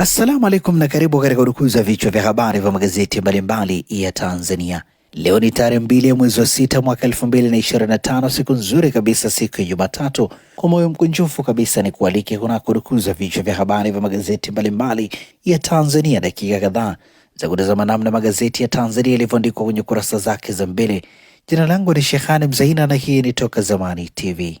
Assalamu alaikum na karibu katika udukuzi wa vichwa vya habari vya magazeti mbalimbali ya Tanzania. Leo ni tarehe mbili ya mwezi wa sita mwaka elfu mbili na ishirini na tano siku nzuri kabisa, siku ya Jumatatu. Kwa moyo mkunjufu kabisa ni kualike kunako dukuzi wa vichwa vya habari vya magazeti mbalimbali ya Tanzania, dakika kadhaa za kutazama namna magazeti ya Tanzania yalivyoandikwa kwenye kurasa zake za mbele. Jina langu ni Shehani Mzaina na hii ni Toka Zamani TV.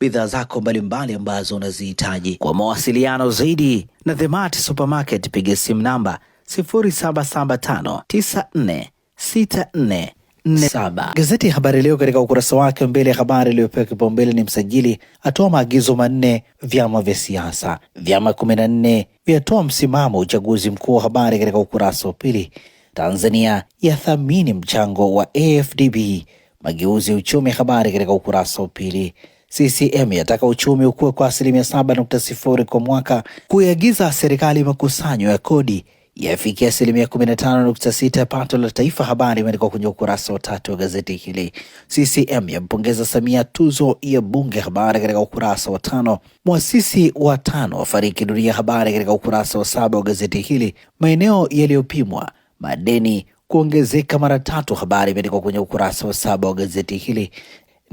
bidhaa zako mbalimbali ambazo unazihitaji. Kwa mawasiliano zaidi na The Mart Supermarket, piga simu namba 0775946447. Gazeti ya Habari Leo katika ukurasa wake mbele ya habari iliyopewa kipaumbele ni msajili atoa maagizo manne vyama vya siasa, vyama kumi na nne vyatoa msimamo uchaguzi mkuu wa habari katika ukurasa wa pili. Tanzania yathamini mchango wa AfDB mageuzi ya uchumi, habari katika ukurasa wa pili. CCM yataka uchumi ukue kwa asilimia saba nukta sifuri kwa mwaka, kuiagiza serikali makusanyo ya kodi yafikia asilimia 15.6 ya pato la taifa. Habari imeandikwa kwenye ukurasa wa tatu wa gazeti hili. CCM yampongeza Samia tuzo ya Bunge, habari katika ukurasa wa tano. Mwasisi wa tano wafariki dunia, habari katika ukurasa wa saba wa gazeti hili. Maeneo yaliyopimwa madeni kuongezeka mara tatu, habari imeandikwa kwenye ukurasa wa saba wa gazeti hili.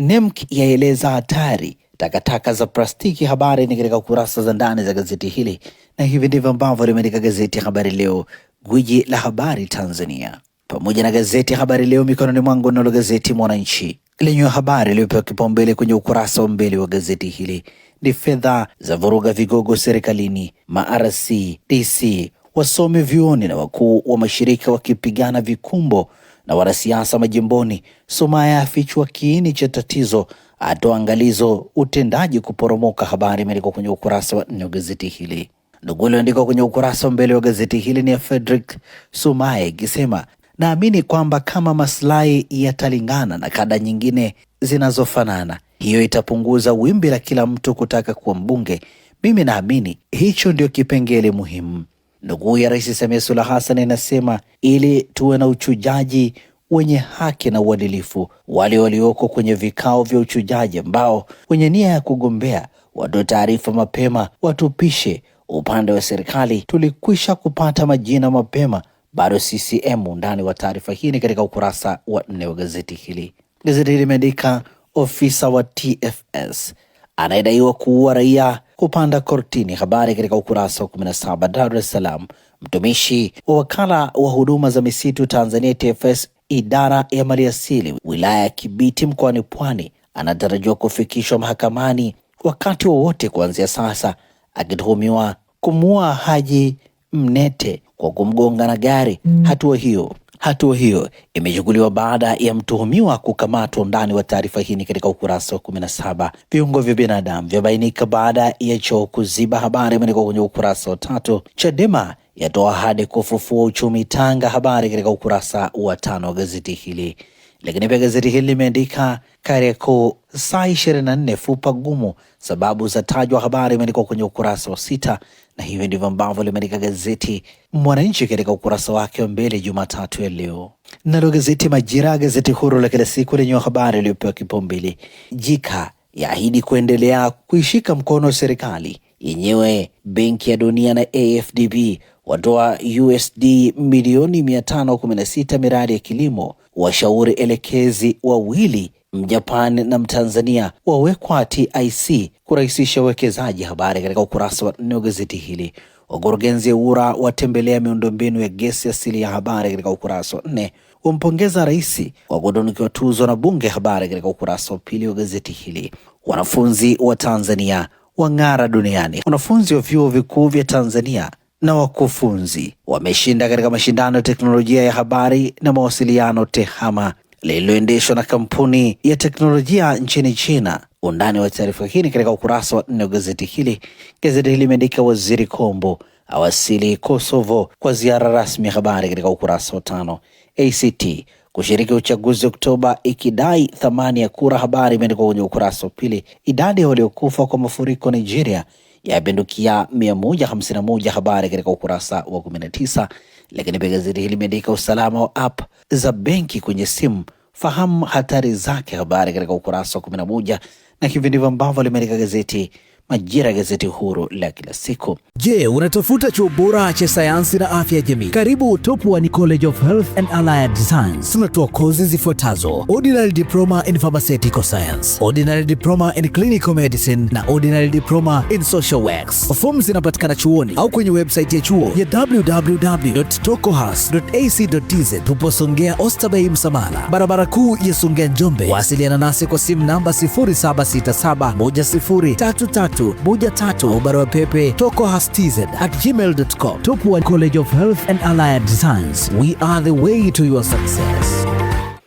NEMC yaeleza hatari takataka za plastiki. Habari ni katika kurasa za ndani za gazeti hili, na hivi ndivyo ambavyo limeandika gazeti ya Habari Leo, gwiji la habari Tanzania, pamoja na gazeti ya Habari Leo mikononi mwangu. Nalo gazeti Mwananchi lenye habari iliyopewa kipaumbele kwenye ukurasa wa mbele wa gazeti hili ni fedha za vuruga vigogo serikalini, marc DC, wasomi vyuoni na wakuu wa mashirika wakipigana vikumbo na wanasiasa majimboni. Somaya afichwa kiini cha tatizo, atoa angalizo utendaji kuporomoka. Habari imeandikwa kwenye ukurasa wa nne wa gazeti hili. Ndugu iliyoandikwa kwenye ukurasa wa mbele wa gazeti hili ni ya Fredrick Somaya ikisema, naamini kwamba kama maslahi yatalingana na kada nyingine zinazofanana, hiyo itapunguza wimbi la kila mtu kutaka kuwa mbunge. Mimi naamini hicho ndio kipengele muhimu nduguu ya Rais Samia Suluhu Hassan inasema ili tuwe na uchujaji wenye haki na uadilifu, wale walioko kwenye vikao vya uchujaji ambao wenye nia ya kugombea watoe taarifa mapema, watupishe. Upande wa serikali tulikwisha kupata majina mapema, bado CCM. Undani wa taarifa hii ni katika ukurasa wa nne wa gazeti hili. Gazeti hili limeandika ofisa wa TFS anayedaiwa kuua raia kupanda kortini. Habari katika ukurasa wa 17. Dar es Salaam, mtumishi wa wakala wa huduma za misitu Tanzania TFS idara ya maliasili wilaya ya Kibiti mkoani Pwani anatarajiwa kufikishwa mahakamani wakati wowote wa kuanzia sasa, akituhumiwa kumuua Haji Mnete kwa kumgonga na gari. Mm. Hatua hiyo Hatua hiyo imechukuliwa baada ya mtuhumiwa kukamatwa. Undani wa taarifa hii ni katika ukurasa wa kumi na saba. Viungo vya binadamu vyabainika baada ya choo kuziba, habari imeandikwa kwenye ukurasa wa tatu. Chadema yatoa ahadi kufufua uchumi Tanga, habari katika ukurasa wa tano wa gazeti hili. Lakini pia gazeti hili limeandika Kariakoo saa ishirini na nne fupa gumu, sababu za tajwa. Habari imeandikwa kwenye ukurasa wa sita, na hivyo ndivyo ambavyo limeandika gazeti Mwananchi katika ukurasa wake wa mbele Jumatatu ya leo. Nalo gazeti Majira, gazeti huru la kila siku lenye habari iliyopewa kipaumbele, Jika yaahidi kuendelea kuishika mkono wa serikali yenyewe. Benki ya Dunia na AFDB watoa USD milioni 516 miradi ya kilimo washauri elekezi wawili Mjapani na Mtanzania wawekwa TIC kurahisisha uwekezaji. Habari katika ukurasa wa nne wa gazeti hili. Wakurugenzi ura watembelea miundombinu ya gesi asili ya habari katika ukurasa wa nne. Wampongeza rais kwa kutunukiwa tuzo na bunge, habari katika ukurasa wa pili wa gazeti hili. Wanafunzi wa Tanzania wang'ara duniani. Wanafunzi wa vyuo vikuu vya Tanzania na wakufunzi wameshinda katika mashindano ya teknolojia ya habari na mawasiliano TEHAMA lililoendeshwa na kampuni ya teknolojia nchini China. Undani wa taarifa hii ni katika ukurasa wa nne wa gazeti hili. Gazeti hili limeandika Waziri Kombo awasili Kosovo kwa ziara rasmi ya habari katika ukurasa wa tano. ACT kushiriki uchaguzi Oktoba ikidai thamani ya kura, habari imeandikwa kwenye ukurasa wa pili. Idadi ya waliokufa kwa mafuriko Nigeria yapindukia 151 habari katika ukurasa wa 19. Lakini pia gazeti hili limeandika usalama wa app za benki kwenye simu, fahamu hatari zake, habari katika ukurasa wa 11, na hivi ndivyo ambavyo limeandika gazeti Majira, gazeti huru la kila siku. Je, unatafuta chuo bora cha sayansi na afya ya jamii? Karibu Top One College of Health and Allied Science. Tunatoa kozi zifuatazo: ordinary diploma in pharmaceutical science, ordinary diploma in clinical medicine na ordinary diploma in social works. Fomu zinapatikana chuoni au kwenye website ya chuo ya www.tokohas.ac.tz. Tupo Songea Oysterbay Msamala, barabara kuu ya Songea Njombe. Wasiliana nasi kwa simu namba 0767103333 3313 au barua pepe at tokohastz@gmail.com. Tupwa College of Health and Allied Science, we are the way to your success.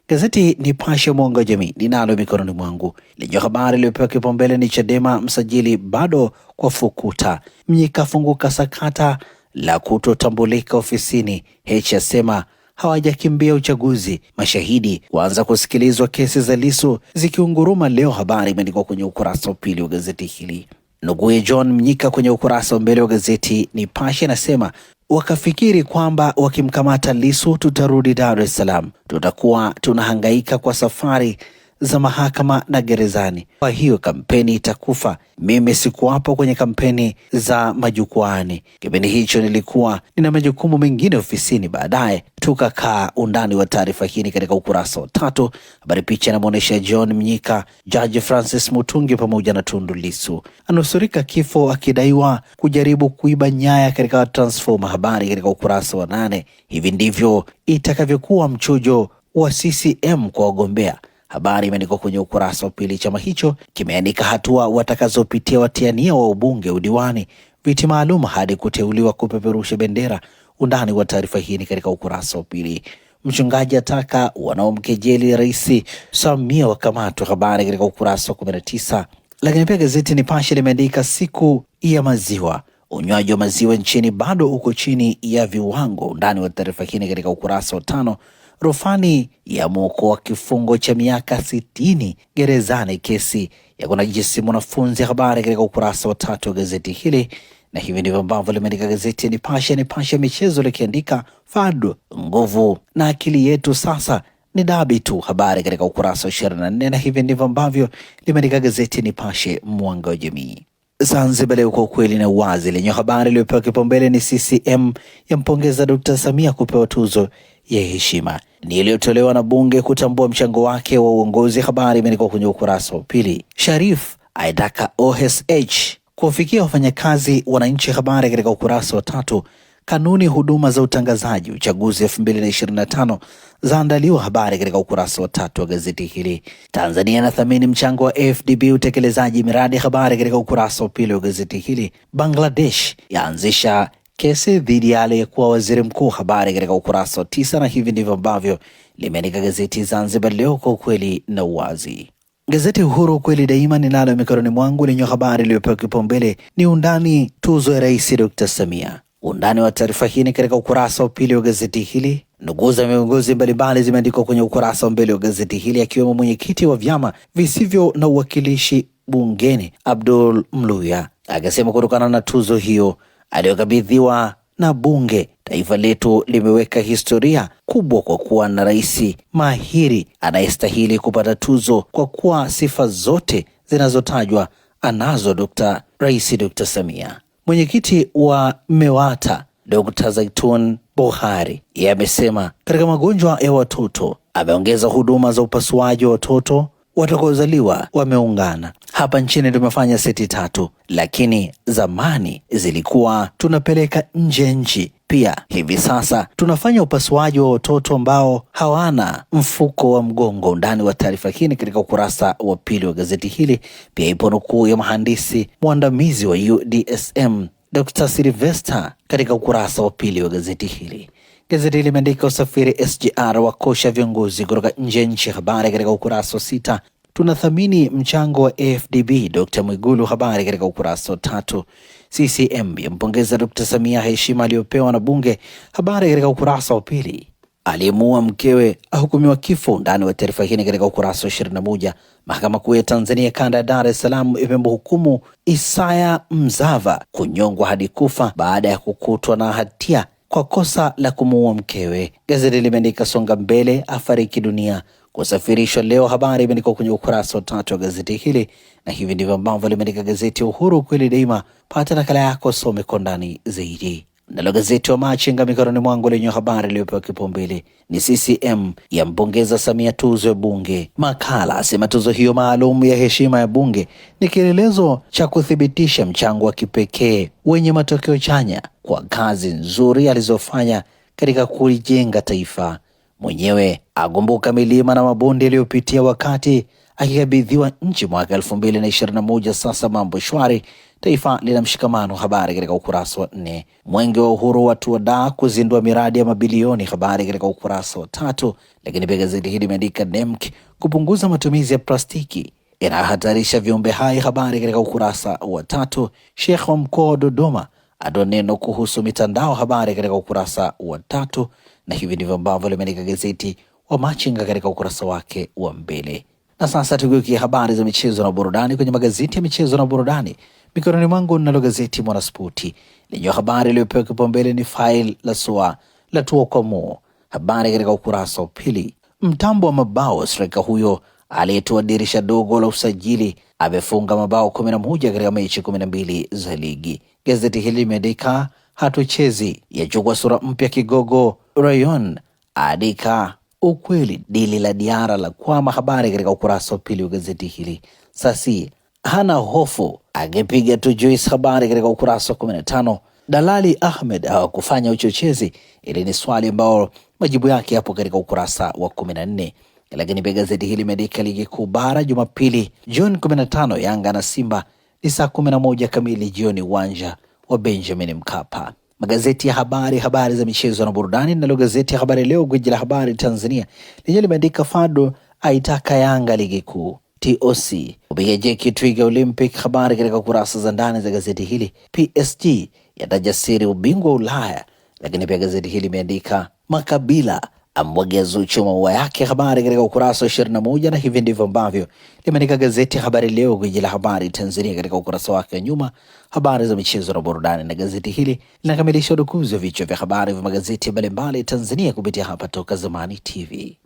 Gazeti Nipashe Mwanga wa Jamii ninalo mikononi mwangu lenye habari iliyopewa kipaumbele ni Chadema msajili bado kwa fukuta, Mnyika afunguka sakata la kutotambulika ofisini, Heche asema hawajakimbia uchaguzi. Mashahidi waanza kusikilizwa, kesi za lisu zikiunguruma leo. Habari imeandikwa kwenye ukurasa wa pili wa gazeti hili. nuguye John Mnyika kwenye ukurasa wa mbele wa gazeti Nipashe anasema wakafikiri kwamba wakimkamata lisu tutarudi Dar es Salaam, tutakuwa tunahangaika kwa safari za mahakama na gerezani. Kwa hiyo kampeni itakufa. Mimi sikuwapo kwenye kampeni za majukwaani, kipindi hicho nilikuwa nina majukumu mengine ofisini. Baadaye tukakaa. Undani wa taarifa hii katika ukurasa wa tatu. Habari picha inamwonyesha John Mnyika, Jaji Francis Mutungi pamoja na Tundu Lisu anusurika kifo akidaiwa kujaribu kuiba nyaya katika transfoma. Habari katika ukurasa wa nane. Hivi ndivyo itakavyokuwa mchujo wa CCM kwa wagombea Habari imeandikwa kwenye ukurasa wa pili. Chama hicho kimeandika hatua watakazopitia watiania wa ubunge, udiwani, viti maalum hadi kuteuliwa kupeperusha bendera. Undani wa taarifa hii ni katika ukurasa wa pili. Mchungaji ataka wanaomkejeli Rais Samia wakamatwa, habari katika ukurasa wa 19. Lakini pia gazeti Nipashe limeandika siku ya maziwa, unywaji wa maziwa nchini bado uko chini ya viwango. Undani wa taarifa hii katika ukurasa wa tano rufani wa kifungo cha miaka sitini gerezani. Kesi ya kunajisi mwanafunzi, habari katika ukurasa wa tatu wa gazeti hili na hivi ndivyo ambavyo limeandika gazeti ya Nipashe. Nipashe michezo likiandika Fadu, nguvu na akili yetu sasa ni dabi tu, habari katika ukurasa wa ishirini na nne na hivi ndivyo ambavyo limeandika gazeti ya Nipashe mwanga wa jamii. Zanzibar Leo, kwa ukweli na uwazi, lenye habari iliyopewa kipaumbele ni CCM yampongeza Dr. Samia kupewa tuzo ya heshima ni iliyotolewa na bunge kutambua mchango wake wa uongozi. Habari imeandikwa kwenye ukurasa wa pili. Sharif aitaka OSH kuwafikia wafanyakazi wananchi. Habari katika ukurasa wa tatu. Kanuni huduma za utangazaji uchaguzi tano zaandaliwa. Habari katika ukurasa wa tatu wa gazeti hili. Tanzania inathamini mchango wa afdb utekelezaji miradi. Habari katika ukurasa wa pili wa gazeti hili. Bangladesh yaanzisha kesi dhidi ya aliyekuwa waziri mkuu, habari katika ukurasa wa tisa. Na hivi ndivyo ambavyo limeandika gazeti Zanzibar Leo kwa ukweli na uwazi. Gazeti Uhuru ukweli daima ninalo mikononi mwangu lenye habari iliyopewa kipaumbele ni undani tuzo ya Rais Dr. Samia. Undani wa taarifa hii ni katika ukurasa wa pili wa gazeti hili. Nukuu za viongozi mbalimbali zimeandikwa kwenye ukurasa wa mbele wa gazeti hili, akiwemo mwenyekiti wa vyama visivyo na uwakilishi bungeni Abdul Mluya akisema kutokana na tuzo hiyo aliyokabidhiwa na bunge. Taifa letu limeweka historia kubwa kwa kuwa na rais mahiri anayestahili kupata tuzo kwa kuwa sifa zote zinazotajwa anazo Dr. Rais Dr. Samia. Mwenyekiti wa MEWATA Dr. Zaitun Bohari yeye amesema katika magonjwa ya watoto ameongeza huduma za upasuaji wa watoto watakaozaliwa wameungana. Hapa nchini tumefanya seti tatu, lakini zamani zilikuwa tunapeleka nje ya nchi. Pia hivi sasa tunafanya upasuaji wa watoto ambao hawana mfuko wa mgongo. Undani wa taarifa hii ni katika ukurasa wa pili wa gazeti hili. Pia ipo nukuu ya mhandisi mwandamizi wa UDSM Dr. Silvester katika ukurasa wa pili wa gazeti hili. Gazeti limeandika usafiri SGR wakosha viongozi kutoka nje ya nchi, habari katika ukurasa wa sita. Tunathamini mchango wa AFDB Dr. Mwigulu, habari katika ukurasa wa tatu. CCM yampongeza Dr. Samia heshima aliyopewa na Bunge, habari katika ukurasa wa pili. Aliyemuua mkewe ahukumiwa kifo. Undani wa taarifa hii katika ukurasa wa moja. Mahakama Kuu ya Tanzania kanda ya Dar es Salaam imemhukumu Isaya Mzava kunyongwa hadi kufa baada ya kukutwa na hatia kwa kosa la kumuua mkewe. Gazeti limeandika songa mbele, afariki dunia, kusafirishwa leo. Habari imeandikwa kwenye ukurasa wa tatu wa gazeti hili, na hivi ndivyo ambavyo limeandika gazeti ya Uhuru, kweli daima. Pata nakala yako, some kwa ndani zaidi. Nalo gazeti wa Machinga mikononi mwangu lenye habari iliyopewa kipaumbele ni CCM yampongeza Samia tuzo ya Bunge. Makala asema tuzo hiyo maalum ya heshima ya Bunge ni kielelezo cha kuthibitisha mchango wa kipekee wenye matokeo chanya kwa kazi nzuri alizofanya katika kulijenga taifa. Mwenyewe agumbuka milima na mabonde yaliyopitia wakati akikabidhiwa nchi mwaka 2021. Sasa mambo shwari Taifa lina mshikamano, habari katika ukurasa wa nne. Mwenge wa Uhuru watu wadaa kuzindua miradi ya mabilioni, habari katika ukurasa wa tatu. Lakini pia gazeti hili limeandika NEMC kupunguza matumizi ya plastiki inayohatarisha viumbe hai, habari katika ukurasa wa tatu. Sheikh wa mkoa wa Dodoma atoa neno kuhusu mitandao, habari katika ukurasa wa tatu. Na hivi ndivyo ambavyo limeandika gazeti wa Machinga katika ukurasa wake wa mbele. Na sasa tugeukie habari za michezo na burudani kwenye magazeti ya michezo na burudani. Mikononi mwangu nalo gazeti Mwanaspoti lenye habari iliyopewa kipaumbele ni faili la SUA la tuokomo. Habari katika ukurasa wa pili. Mtambo wa mabao straika huyo aliyetoa dirisha dogo la usajili amefunga mabao kumi na moja katika mechi kumi na mbili za ligi. Gazeti hili limeandika hatuchezi yachukua sura mpya kigogo Rayon aandika ukweli dili la Diara la kwama. Habari katika ukurasa wa pili wa gazeti hili sasi hana hofu, angepiga tu Joyce. Habari katika ukurasa wa 15. Dalali Ahmed hawakufanya uchochezi, ili ni swali ambao majibu yake yapo katika ukurasa wa 14. Lakini pia gazeti hili limeandika ligi kuu bara Jumapili Juni 15, Yanga na Simba ni saa 11 kamili jioni, uwanja wa Benjamin Mkapa. Magazeti ya habari, habari za michezo na burudani. Nalo gazeti ya Habari Leo, gwiji la habari Tanzania, lenyewe limeandika Fado aitaka Yanga ligi kuu TOC kupiga jeki Twiga Olympic. Habari katika kurasa za ndani za gazeti hili. PSG yataja siri ubingwa wa Ulaya, lakini pia gazeti hili imeandika makabila amwagia Zuchu maua yake. Habari katika ukurasa wa ishirini na moja na hivi ndivyo ambavyo limeandika gazeti Habari Leo, gwiji la habari Tanzania, katika ukurasa wake wa nyuma, habari za michezo na burudani. Na gazeti hili linakamilisha udukuzi wa vichwa vya habari vya magazeti mbalimbali Tanzania kupitia hapa Toka Zamani TV.